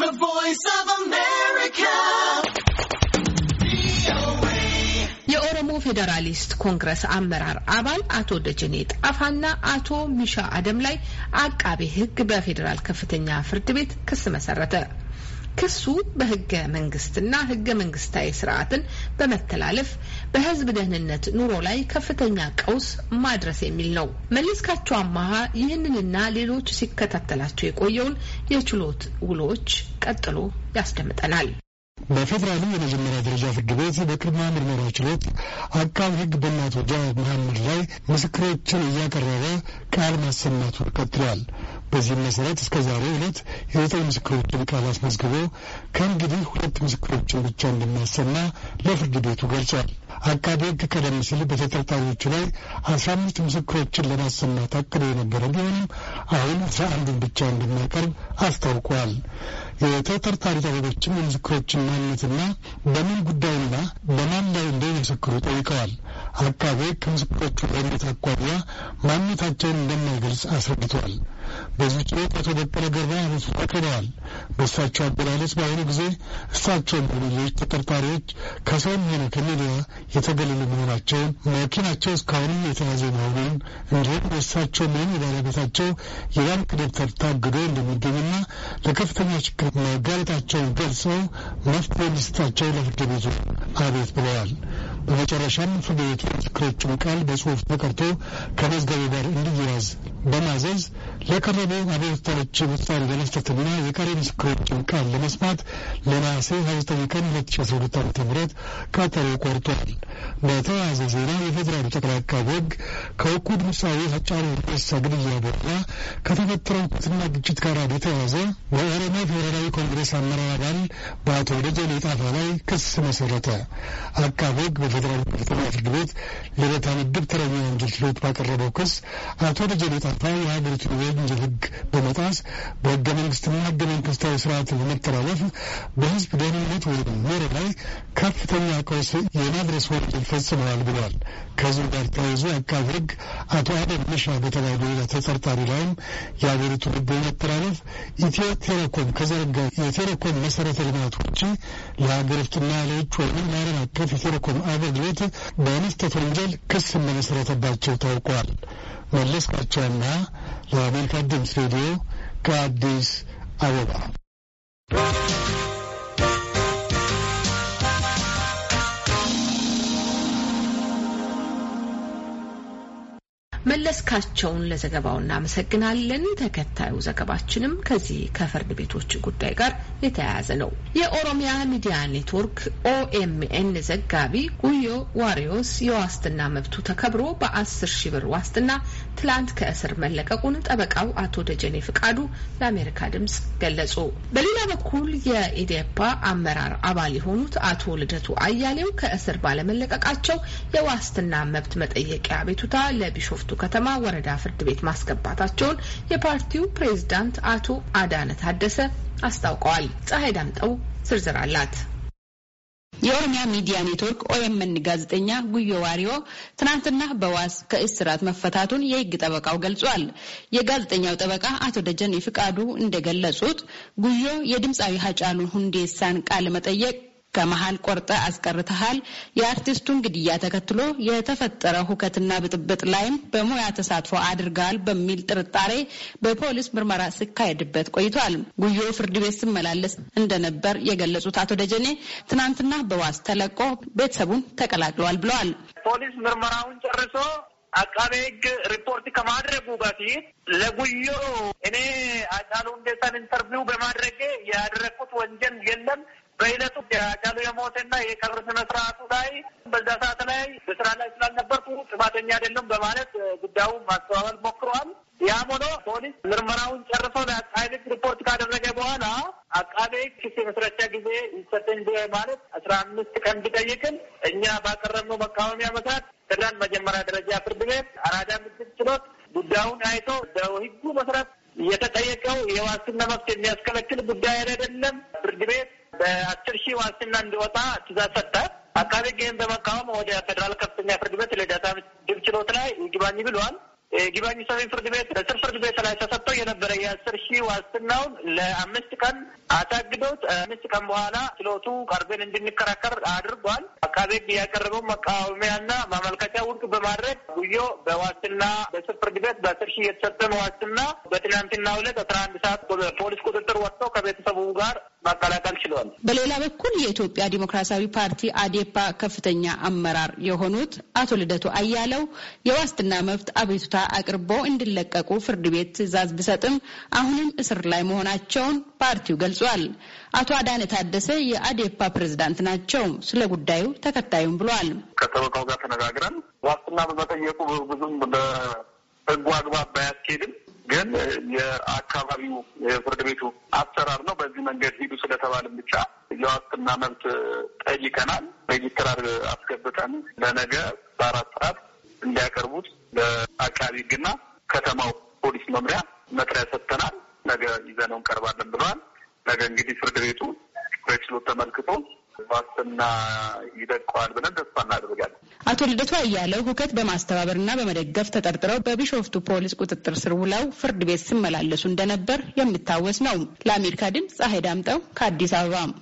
The Voice of America. የኦሮሞ ፌዴራሊስት ኮንግረስ አመራር አባል አቶ ደጀኔ ጣፋና አቶ ሚሻ አደም ላይ አቃቤ ሕግ በፌዴራል ከፍተኛ ፍርድ ቤት ክስ መሰረተ። ክሱ በህገ መንግስትና ህገ መንግስታዊ ስርዓትን በመተላለፍ በህዝብ ደህንነት ኑሮ ላይ ከፍተኛ ቀውስ ማድረስ የሚል ነው። መለስካቸው አማሃ ይህንንና ሌሎች ሲከታተላቸው የቆየውን የችሎት ውሎች ቀጥሎ ያስደምጠናል። በፌዴራሉ የመጀመሪያ ደረጃ ፍርድ ቤት በቅድመ ምርመራ ችሎት አቃቢ ህግ በእነ አቶ ጃዋር መሐመድ ላይ ምስክሮችን እያቀረበ ቃል ማሰማቱን ቀጥሏል። በዚህም መሰረት እስከ ዛሬ ዕለት የዘጠኝ ምስክሮችን ቃል አስመዝግቦ ከእንግዲህ ሁለት ምስክሮችን ብቻ እንደሚያሰማ ለፍርድ ቤቱ ገልጿል። አቃቤ ሕግ ቀደም ሲል በተጠርጣሪዎቹ ላይ አስራ አምስት ምስክሮችን ለማሰማት አቅዶ የነበረ ቢሆንም አሁን አስራ አንዱን ብቻ እንደሚያቀርብ አስታውቋል። የተጠርጣሪ ጠበቆችም የምስክሮችን ማንነትና በምን ጉዳይና በማን ላይ እንደሚመሰክሩ ጠይቀዋል። አቃቤ ከምስክሮቹ አይነት አኳያ ማንነታቸውን እንደማይገልጽ አስረድተዋል። በዚህ ችሎት አቶ በቀለ ገርባ ምስሉ አቅርበዋል። በእሳቸው አገላለጽ በአሁኑ ጊዜ እሳቸውም ሆኑ ሌሎች ተጠርጣሪዎች ከሰውም ሆነ ከሚዲያ የተገለሉ መሆናቸውን፣ መኪናቸው እስካሁንም የተያዘ መሆኑን እንዲሁም በእሳቸው ሆነ የባለቤታቸው የባንክ ደብተር ታግዶ እንደሚገኝና ለከፍተኛ ችግር መጋለጣቸውን ገልጸው መፍትሄ እንዲሰጣቸው ለፍርድ ቤቱ አቤት ብለዋል። በመጨረሻም ፍርድ ቤቱ ቃል በጽሁፍ ተቀርቶ ከመዝገቡ ጋር እንዲያያዝ በማዘዝ ለቀረቡ አቤቱታዎች ውሳኔ ለመስጠትና የቀሪ ምስክሮችን ቃል ለመስማት ለነሐሴ 29 ቀን 2012 ዓ ም ቀጠሮ ቆርጧል። በተያያዘ ዜና የፌዴራሉ ጠቅላይ አቃቤ ሕግ ከእውቁ ድምፃዊ ሃጫሉ ሁንዴሳ ግድያ በኋላ ከተፈጠረው ሁከትና ግጭት ጋር በተያያዘ በኦሮሞ ፌዴራላዊ ኮንግሬስ አመራር አባል በአቶ ደጀኔ ጣፋ ላይ ክስ መሰረተ። አቃቤ ሕግ የፌዴራል ከፍተኛ ፍርድ ቤት ልደታ ምድብ ተረኛ ወንጀል ችሎት ባቀረበው ክስ አቶ ደጀኔ ጣፋ የሀገሪቱ የወንጀል ህግ በመጣስ በህገ መንግስትና ህገ መንግስታዊ ስርዓት በመተላለፍ በህዝብ ደህንነት ወይም ኖረ ላይ ከፍተኛ ቀውስ የማድረስ ወንጀል ፈጽመዋል ብለዋል። ከዚሁ ጋር ተያይዞ አቃቢ ህግ አቶ አደም መሻ በተባሉ ሌላ ተጠርጣሪ ላይም የሀገሪቱ ህግ በመተላለፍ ኢትዮ ቴሌኮም ከዘረጋ የቴሌኮም መሰረተ ልማት ውጪ ለሀገር ውስጥና ለውጭ ወይም ለዓለም አቀፍ የቴሌኮም አ ቤት በንስተት ወንጀል ክስ እንደመሰረተባቸው ታውቋል። መለስካቸውና ለአሜሪካ ድምፅ ሬዲዮ ከአዲስ አበባ መለስካቸውን ለዘገባው እናመሰግናለን። ተከታዩ ዘገባችንም ከዚህ ከፍርድ ቤቶች ጉዳይ ጋር የተያያዘ ነው። የኦሮሚያ ሚዲያ ኔትወርክ ኦኤምኤን ዘጋቢ ጉዮ ዋሪዮስ የዋስትና መብቱ ተከብሮ በአስር ሺህ ብር ዋስትና ትላንት ከእስር መለቀቁን ጠበቃው አቶ ደጀኔ ፍቃዱ ለአሜሪካ ድምጽ ገለጹ። በሌላ በኩል የኢዴፓ አመራር አባል የሆኑት አቶ ልደቱ አያሌው ከእስር ባለመለቀቃቸው የዋስትና መብት መጠየቂያ ቤቱታ ለቢሾፍቱ ከተማ ወረዳ ፍርድ ቤት ማስገባታቸውን የፓርቲው ፕሬዝዳንት አቶ አዳነ ታደሰ አስታውቀዋል። ፀሐይ ዳምጠው ዝርዝር አላት። የኦሮሚያ ሚዲያ ኔትወርክ ኦኤምን ጋዜጠኛ ጉዮ ዋሪዮ ትናንትና በዋስ ከእስራት መፈታቱን የሕግ ጠበቃው ገልጿል። የጋዜጠኛው ጠበቃ አቶ ደጀኔ ፍቃዱ እንደገለጹት ጉዮ የድምፃዊ ሀጫሉ ሁንዴሳን ቃለ መጠየቅ ከመሀል ቆርጠ አስቀርተሃል። የአርቲስቱን ግድያ ተከትሎ የተፈጠረ ሁከትና ብጥብጥ ላይም በሙያ ተሳትፎ አድርገዋል በሚል ጥርጣሬ በፖሊስ ምርመራ ሲካሄድበት ቆይቷል። ጉዮ ፍርድ ቤት ሲመላለስ እንደነበር የገለጹት አቶ ደጀኔ ትናንትና በዋስ ተለቆ ቤተሰቡን ተቀላቅለዋል ብለዋል። ፖሊስ ምርመራውን ጨርሶ አቃቤ ሕግ ሪፖርት ከማድረጉ በፊት ለጉዮ እኔ አጫሉ ሁንዴሳን ኢንተርቪው በማድረጌ ያደረግኩት ወንጀል የለም በሂደቱ የአካሉ የሞትና የቀብር ስነ ስርዓቱ ላይ በዛ ሰዓት ላይ በስራ ላይ ስላልነበርኩ ጥፋተኛ አይደለም በማለት ጉዳዩ ማስተባበል ሞክረዋል። ያም ሆኖ ፖሊስ ምርመራውን ጨርሶ ለአቃቤ ሕግ ሪፖርት ካደረገ በኋላ አቃቤ ክስ የመስረቻ ጊዜ ይሰጠኝ ማለት አስራ አምስት ቀን ቢጠይቅም እኛ ባቀረብነው መቃወሚያ መሰረት ፌደራል መጀመሪያ ደረጃ ፍርድ ቤት አራዳ ምድብ ችሎት ጉዳዩን አይቶ በሕጉ መሰረት የተጠየቀው የዋስትና መብት የሚያስከለክል ጉዳይ አይደለም ፍርድ ቤት በአስር ሺህ ዋስትና እንዲወጣ ትእዛዝ ሰጠ። አቃቤ ሕግን በመቃወም ወደ ፌዴራል ከፍተኛ ፍርድ ቤት ልደታ ምድብ ችሎት ላይ ይግባኝ ብሏል። ይግባኝ ሰሚ ፍርድ ቤት በስር ፍርድ ቤት ላይ ተሰጥቶ የነበረ የአስር ሺህ ዋስትናውን ለአምስት ቀን አሳግዶት አምስት ቀን በኋላ ችሎቱ ቀርበን እንድንከራከር አድርጓል። አቃቤ ሕግ ያቀረበው መቃወሚያና ውድቅ በማድረግ ጉዮ በዋስትና በስር ፍርድ ቤት በአስር ሺህ የተሰጠን ዋስትና በትናንትና ሁለት አስራ አንድ ሰዓት ፖሊስ ቁጥጥር ወጥቶ ከቤተሰቡ ጋር ማቀላቀል ችሏል። በሌላ በኩል የኢትዮጵያ ዲሞክራሲያዊ ፓርቲ አዴፓ ከፍተኛ አመራር የሆኑት አቶ ልደቱ አያለው የዋስትና መብት አቤቱታ አቅርቦ እንዲለቀቁ ፍርድ ቤት ትዕዛዝ ቢሰጥም አሁንም እስር ላይ መሆናቸውን ፓርቲው ገልጿል። አቶ አዳነ ታደሰ የአዴፓ ፕሬዝዳንት ናቸው። ስለ ጉዳዩ ተከታዩም ብሏል። ከጠበቃው ጋር ተነጋግረን ዋስትና በመጠየቁ ብዙም በህጉ አግባብ ባያስኬድም ግን የአካባቢው የፍርድ ቤቱ አሰራር ነው። በዚህ መንገድ ሂዱ ስለተባልን ብቻ የዋስትና መብት ጠይቀናል። ሬጅስትራር አስገብተን ለነገ በአራት ሰዓት እንዲያቀርቡት ለአቃቢ ህግና ከተማው ፖሊስ መምሪያ መጥሪያ ሰጥተናል። ነገ ይዘነው እንቀርባለን ብለዋል። ነገ እንግዲህ ፍርድ ቤቱ በችሎት ተመልክቶ ዋስትና ይደቀዋል ብለን ተስፋ እናደርጋለን። አቶ ልደቱ አያለው ሁከት በማስተባበርና በመደገፍ ተጠርጥረው በቢሾፍቱ ፖሊስ ቁጥጥር ስር ውለው ፍርድ ቤት ሲመላለሱ እንደነበር የሚታወስ ነው። ለአሜሪካ ድምፅ ፀሐይ ዳምጠው ከአዲስ አበባ